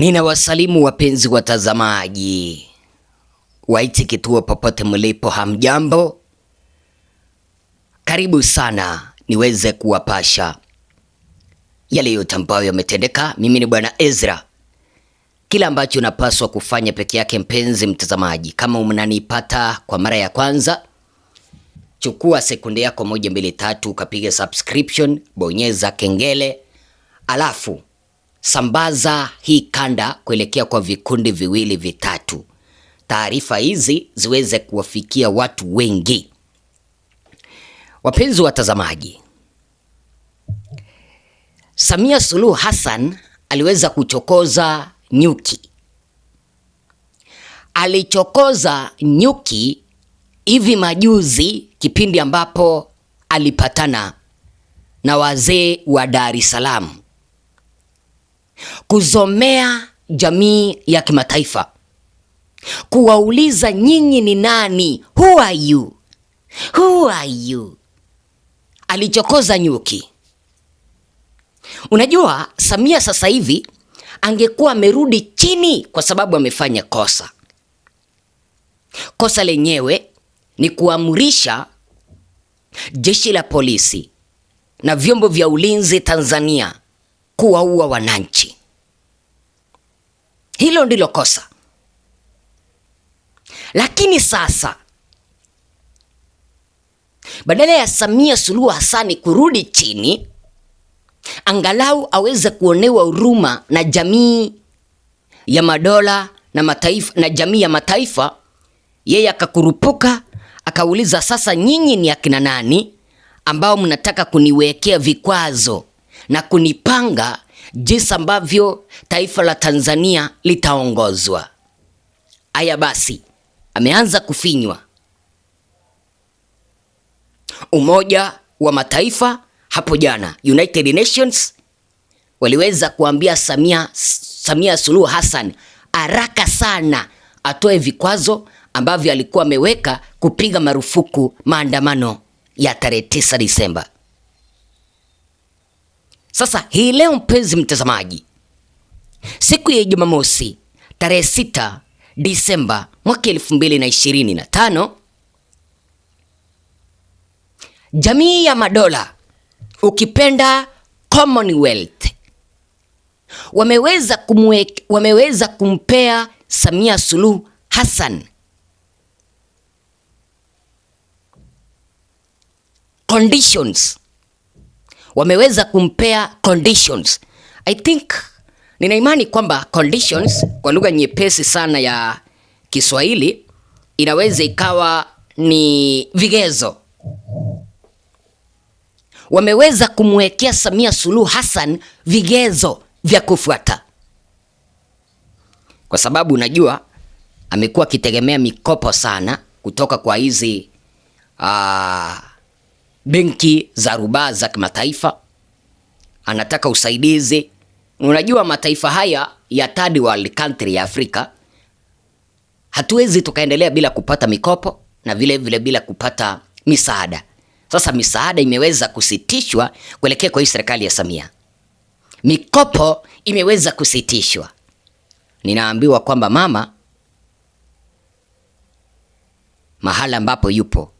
Ninawasalimu wapenzi watazamaji waiti kituo popote mlipo, hamjambo? Karibu sana niweze kuwapasha yale yote ambayo yametendeka. Mimi ni bwana Ezra. Kila ambacho unapaswa kufanya peke yake, mpenzi mtazamaji, kama unanipata kwa mara ya kwanza, chukua sekunde yako moja, mbili, tatu, ukapiga subscription, bonyeza kengele, alafu sambaza hii kanda kuelekea kwa vikundi viwili vitatu, taarifa hizi ziweze kuwafikia watu wengi. Wapenzi watazamaji, Samia Suluhu Hassan aliweza kuchokoza nyuki, alichokoza nyuki hivi majuzi, kipindi ambapo alipatana na wazee wa Dar es Salaam kuzomea jamii ya kimataifa, kuwauliza nyinyi ni nani, who are you, who are you. Alichokoza nyuki. Unajua, Samia sasa hivi angekuwa amerudi chini kwa sababu amefanya kosa. Kosa lenyewe ni kuamrisha jeshi la polisi na vyombo vya ulinzi Tanzania kuwaua wananchi. Hilo ndilo kosa. Lakini sasa badala ya Samia Suluhu hasani kurudi chini, angalau aweze kuonewa huruma na jamii ya madola na mataifa, na jamii ya mataifa, yeye akakurupuka akauliza, sasa nyinyi ni akina nani ambao mnataka kuniwekea vikwazo na kunipanga jinsi ambavyo taifa la Tanzania litaongozwa. Haya basi, ameanza kufinywa. Umoja wa Mataifa hapo jana, United Nations waliweza kuambia Samia, Samia Suluhu Hassan haraka sana atoe vikwazo ambavyo alikuwa ameweka kupiga marufuku maandamano ya tarehe 9 Disemba. Sasa hii leo, mpenzi mtazamaji, siku ya Jumamosi tarehe 6 Disemba mwaka 2025 jamii ya madola ukipenda Commonwealth wameweza kumwe, wameweza kumpea Samia Suluhu Hassan conditions wameweza kumpea conditions. I think nina imani kwamba conditions kwa lugha nyepesi sana ya Kiswahili inaweza ikawa ni vigezo. Wameweza kumwekea Samia Suluhu Hassan vigezo vya kufuata, kwa sababu unajua amekuwa akitegemea mikopo sana kutoka kwa hizi uh, benki za rubaa za kimataifa, anataka usaidizi. Unajua, mataifa haya ya third world country ya Afrika hatuwezi tukaendelea bila kupata mikopo na vile vile bila kupata misaada. Sasa misaada imeweza kusitishwa kuelekea kwa hii serikali ya Samia, mikopo imeweza kusitishwa. Ninaambiwa kwamba mama mahala ambapo yupo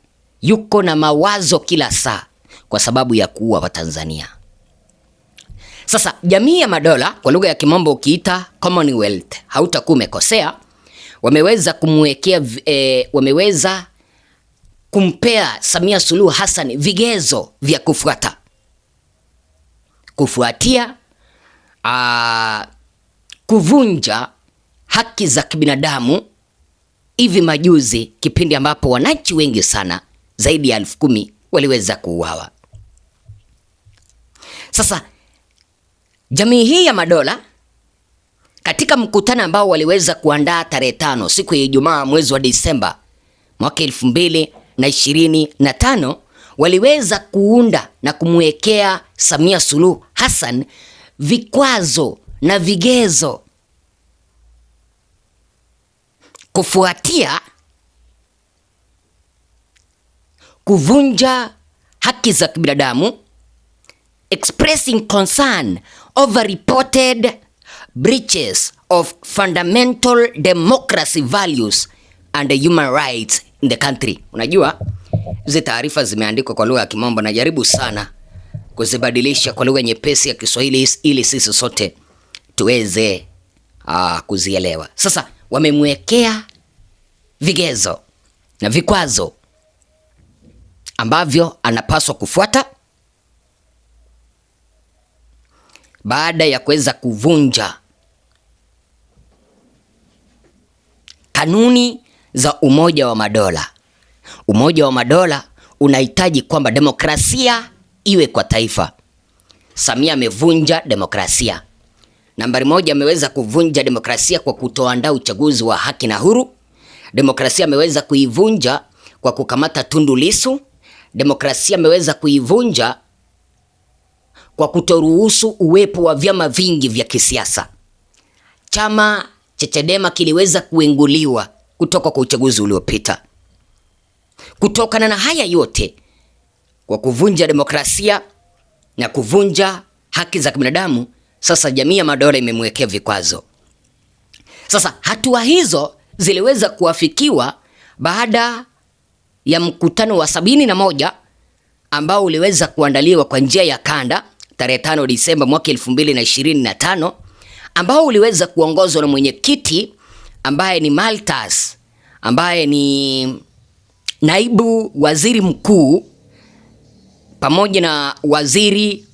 yuko na mawazo kila saa kwa sababu ya kuua Watanzania. Sasa jamii ya madola kwa lugha ya kimombo ukiita Commonwealth, hautakuwa umekosea. Wameweza kumwekea e, wameweza kumpea Samia Suluhu Hassan vigezo vya kufuata kufuatia a, kuvunja haki za kibinadamu hivi majuzi, kipindi ambapo wananchi wengi sana zaidi ya elfu kumi waliweza kuuawa. Sasa jamii hii ya madola katika mkutano ambao waliweza kuandaa tarehe tano siku ya Ijumaa mwezi wa Disemba mwaka elfu mbili na ishirini na tano waliweza kuunda na kumwekea Samia Suluhu Hassan vikwazo na vigezo kufuatia kuvunja haki za kibinadamu, expressing concern over reported breaches of fundamental democracy values and human rights in the country. Unajua hizi taarifa zimeandikwa kwa lugha ya Kimombo, najaribu sana kuzibadilisha kwa lugha nyepesi ya Kiswahili ili sisi sote tuweze aa, ah, kuzielewa. Sasa wamemwekea vigezo na vikwazo ambavyo anapaswa kufuata baada ya kuweza kuvunja kanuni za Umoja wa Madola. Umoja wa Madola unahitaji kwamba demokrasia iwe kwa taifa. Samia amevunja demokrasia. Nambari moja, ameweza kuvunja demokrasia kwa kutoandaa uchaguzi wa haki na huru. Demokrasia ameweza kuivunja kwa kukamata Tundu Lissu demokrasia ameweza kuivunja kwa kutoruhusu uwepo wa vyama vingi vya kisiasa. Chama cha Chadema kiliweza kuenguliwa kutoka kwa uchaguzi uliopita. Kutokana na haya yote, kwa kuvunja demokrasia na kuvunja haki za kibinadamu, sasa jamii ya madola imemwekea vikwazo. Sasa hatua hizo ziliweza kuafikiwa baada ya mkutano wa sabini na moja ambao uliweza kuandaliwa kwa njia ya kanda tarehe 5 Disemba mwaka 2025 ambao uliweza kuongozwa na mwenyekiti ambaye ni Maltas ambaye ni naibu waziri mkuu pamoja na waziri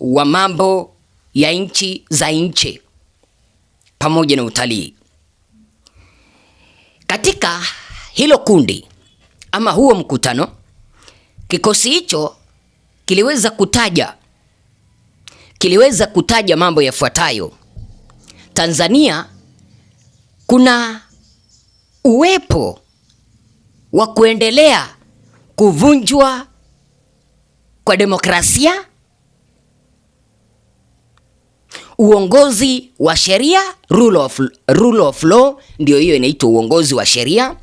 wa mambo ya nchi za nje pamoja na utalii. Katika hilo kundi ama huo mkutano, kikosi hicho kiliweza kutaja kiliweza kutaja mambo yafuatayo: Tanzania kuna uwepo wa kuendelea kuvunjwa kwa demokrasia, uongozi wa sheria, rule of, rule of law, ndio hiyo inaitwa uongozi wa sheria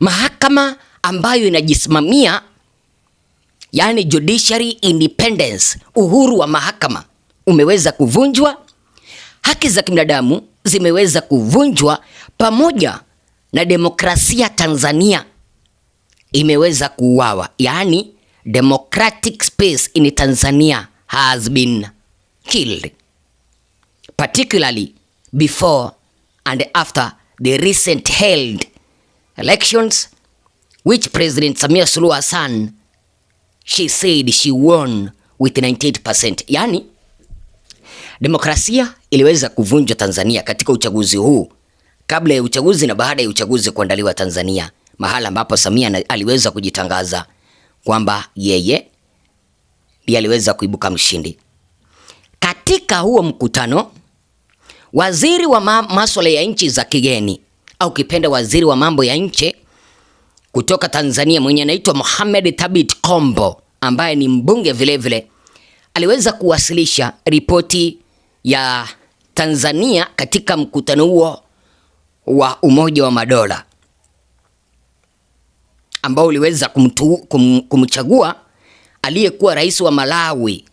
mahakama ambayo inajisimamia, yani judiciary independence, uhuru wa mahakama umeweza kuvunjwa, haki za kibinadamu zimeweza kuvunjwa, pamoja na demokrasia Tanzania imeweza kuuawa, yani democratic space in Tanzania has been killed particularly before and after the recent held elections which President Samia Suluhu Hassan she said she won with 98%. Yani, demokrasia iliweza kuvunjwa Tanzania katika uchaguzi huu, kabla ya uchaguzi na baada ya uchaguzi kuandaliwa Tanzania, mahala ambapo Samia aliweza kujitangaza kwamba yeye ndiye aliweza kuibuka mshindi. Katika huo mkutano, waziri wa masuala ya nchi za kigeni au kipenda waziri wa mambo ya nje kutoka Tanzania mwenye anaitwa Mohamed Thabit Kombo ambaye ni mbunge vilevile vile, aliweza kuwasilisha ripoti ya Tanzania katika mkutano huo wa Umoja wa Madola ambao uliweza kumtu, kum, kumchagua aliyekuwa rais wa Malawi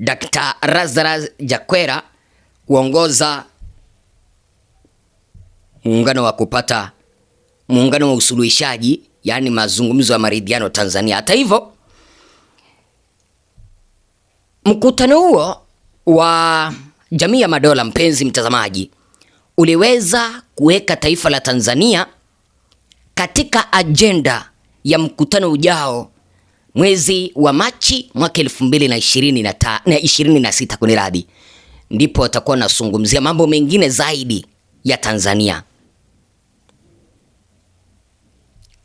Dr. Lazarus Chakwera kuongoza muungano wa kupata muungano wa usuluhishaji, yaani mazungumzo ya maridhiano Tanzania. Hata hivyo, mkutano huo wa jamii ya madola, mpenzi mtazamaji, uliweza kuweka taifa la Tanzania katika ajenda ya mkutano ujao mwezi wa Machi mwaka elfu mbili na ishirini na sita, kuniradhi, ndipo watakuwa wanazungumzia mambo mengine zaidi ya Tanzania.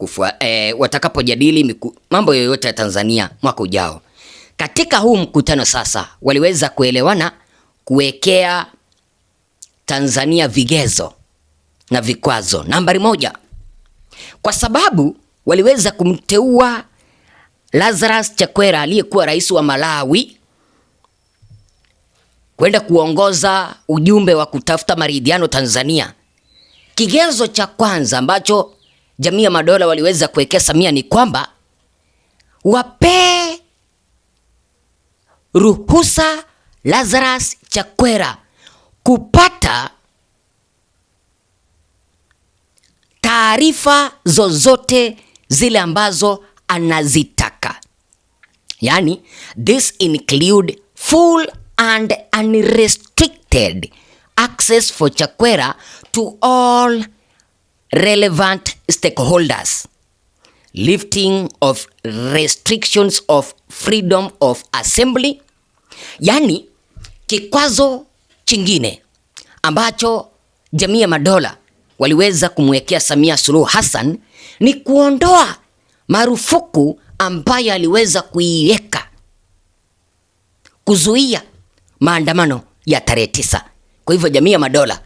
kufua, e, eh, watakapojadili miku, mambo yoyote ya Tanzania mwaka ujao. Katika huu mkutano sasa waliweza kuelewana kuwekea Tanzania vigezo na vikwazo. Nambari moja, kwa sababu waliweza kumteua Lazarus Chakwera aliyekuwa rais wa Malawi kwenda kuongoza ujumbe wa kutafuta maridhiano Tanzania. Kigezo cha kwanza ambacho jamii ya madola waliweza kuwekea Samia ni kwamba wapee ruhusa Lazarus Chakwera kupata taarifa zozote zile ambazo anazitaka, yani this include full and unrestricted access for Chakwera to all relevant stakeholders, lifting of restrictions of freedom of assembly, yani kikwazo chingine ambacho jamii ya madola waliweza kumwekea Samia Suluhu Hassan ni kuondoa marufuku ambayo aliweza kuiweka kuzuia maandamano ya tarehe tisa. Kwa hivyo jamii ya madola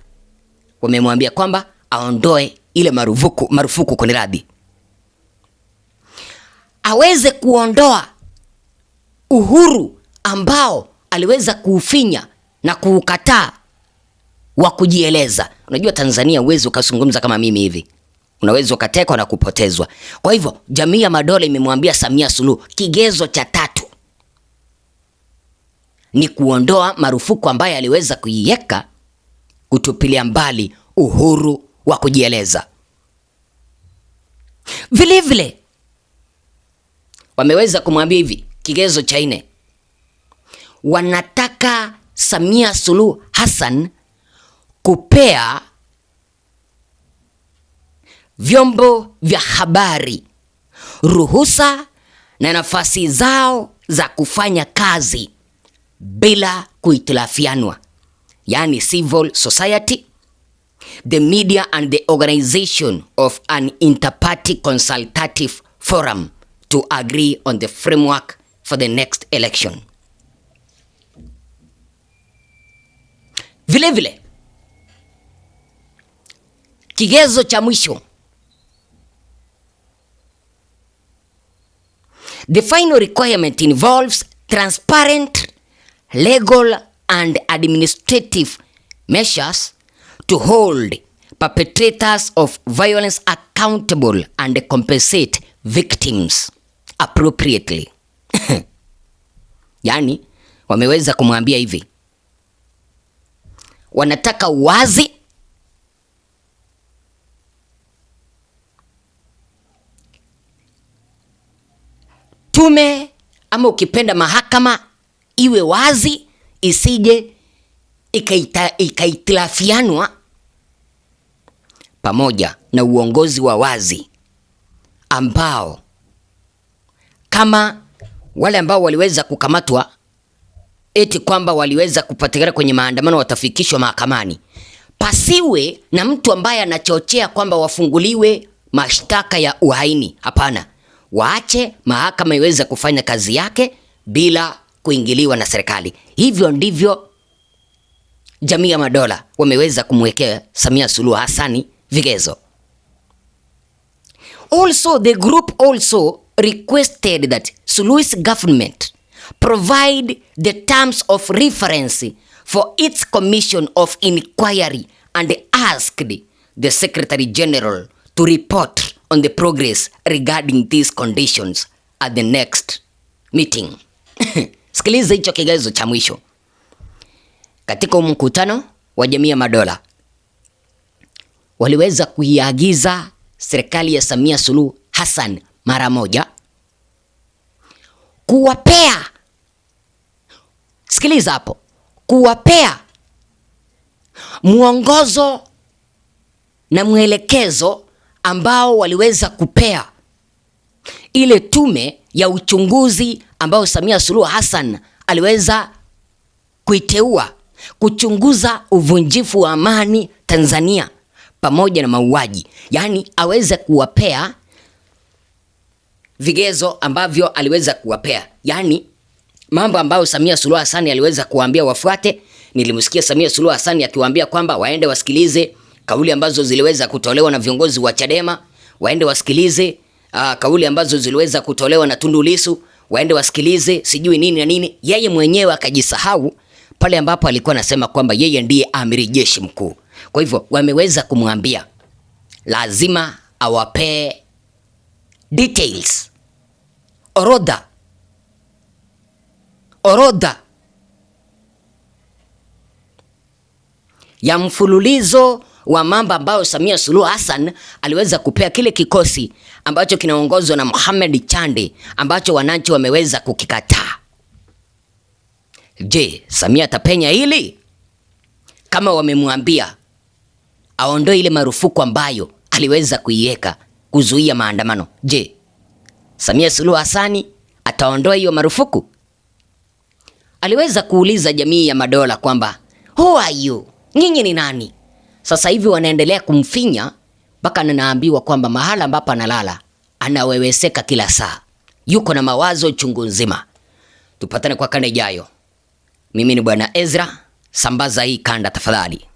wamemwambia kwamba aondoe ile marufuku, marufuku radhi aweze kuondoa uhuru ambao aliweza kuufinya na kuukataa wa kujieleza. Unajua Tanzania uwezi ukazungumza kama mimi hivi, unaweza ukatekwa na kupotezwa. Kwa hivyo jamii ya madola imemwambia Samia Suluhu, kigezo cha tatu ni kuondoa marufuku ambayo aliweza kuiweka, kutupilia mbali uhuru wa kujieleza. Vile vile wameweza kumwambia hivi, kigezo cha nne, wanataka Samia Suluhu Hassan kupea vyombo vya habari ruhusa na nafasi zao za kufanya kazi bila kuitilafianwa, yaani civil society the media and the organization of an interparty consultative forum to agree on the framework for the next election. vile vile, kigezo cha mwisho The final requirement involves transparent legal and administrative measures to hold perpetrators of violence accountable and compensate victims appropriately. Yani, wameweza kumwambia hivi, wanataka wazi tume ama ukipenda mahakama iwe wazi, isije ikaita, ikaitilafianwa pamoja na uongozi wa wazi ambao kama wale ambao waliweza kukamatwa eti kwamba waliweza kupatikana kwenye maandamano watafikishwa mahakamani, pasiwe na mtu ambaye anachochea kwamba wafunguliwe mashtaka ya uhaini. Hapana, waache mahakama iweze kufanya kazi yake bila kuingiliwa na serikali. Hivyo ndivyo jamii ya madola wameweza kumwekea Samia Suluhu Hassani vigezo. Also, the group also requested that Sului's government provide the terms of reference for its commission of inquiry and asked the Secretary General to report on the progress regarding these conditions at the next meeting. Sikiliza hicho kigezo cha mwisho katika mkutano wa jamii ya madola waliweza kuiagiza serikali ya Samia Suluhu Hassan mara moja kuwapea, sikiliza hapo, kuwapea mwongozo na mwelekezo ambao waliweza kupea ile tume ya uchunguzi ambayo Samia Suluhu Hassan aliweza kuiteua kuchunguza uvunjifu wa amani Tanzania pamoja na mauaji, yaani aweze kuwapea vigezo ambavyo aliweza kuwapea, yaani mambo ambayo Samia Suluhu Hassan aliweza kuwaambia wafuate. Nilimsikia Samia Suluhu Hassan akiwaambia kwamba waende wasikilize kauli ambazo ziliweza kutolewa na viongozi wa Chadema, waende wasikilize uh, kauli ambazo ziliweza kutolewa na Tundu Lissu, waende wasikilize sijui nini na nini. Yeye mwenyewe akajisahau pale ambapo alikuwa anasema kwamba yeye ndiye amiri jeshi mkuu. Kwa hivyo wameweza kumwambia lazima awapee details, orodha orodha ya mfululizo wa mambo ambayo Samia Suluhu Hassan aliweza kupea kile kikosi ambacho kinaongozwa na Mohamed Chande ambacho wananchi wameweza kukikataa. Je, Samia atapenya hili? Kama wamemwambia aondoe ile marufuku ambayo aliweza kuiweka kuzuia maandamano. Je, Samia Suluhu Hassani ataondoa hiyo marufuku? Aliweza kuuliza jamii ya madola kwamba who are you, nyinyi ni nani? Sasa hivi wanaendelea kumfinya mpaka ninaambiwa kwamba mahala ambapo analala anaweweseka kila saa, yuko na mawazo chungu nzima. Tupatane kwa kanda ijayo. Mimi ni Bwana Ezra, sambaza hii kanda tafadhali.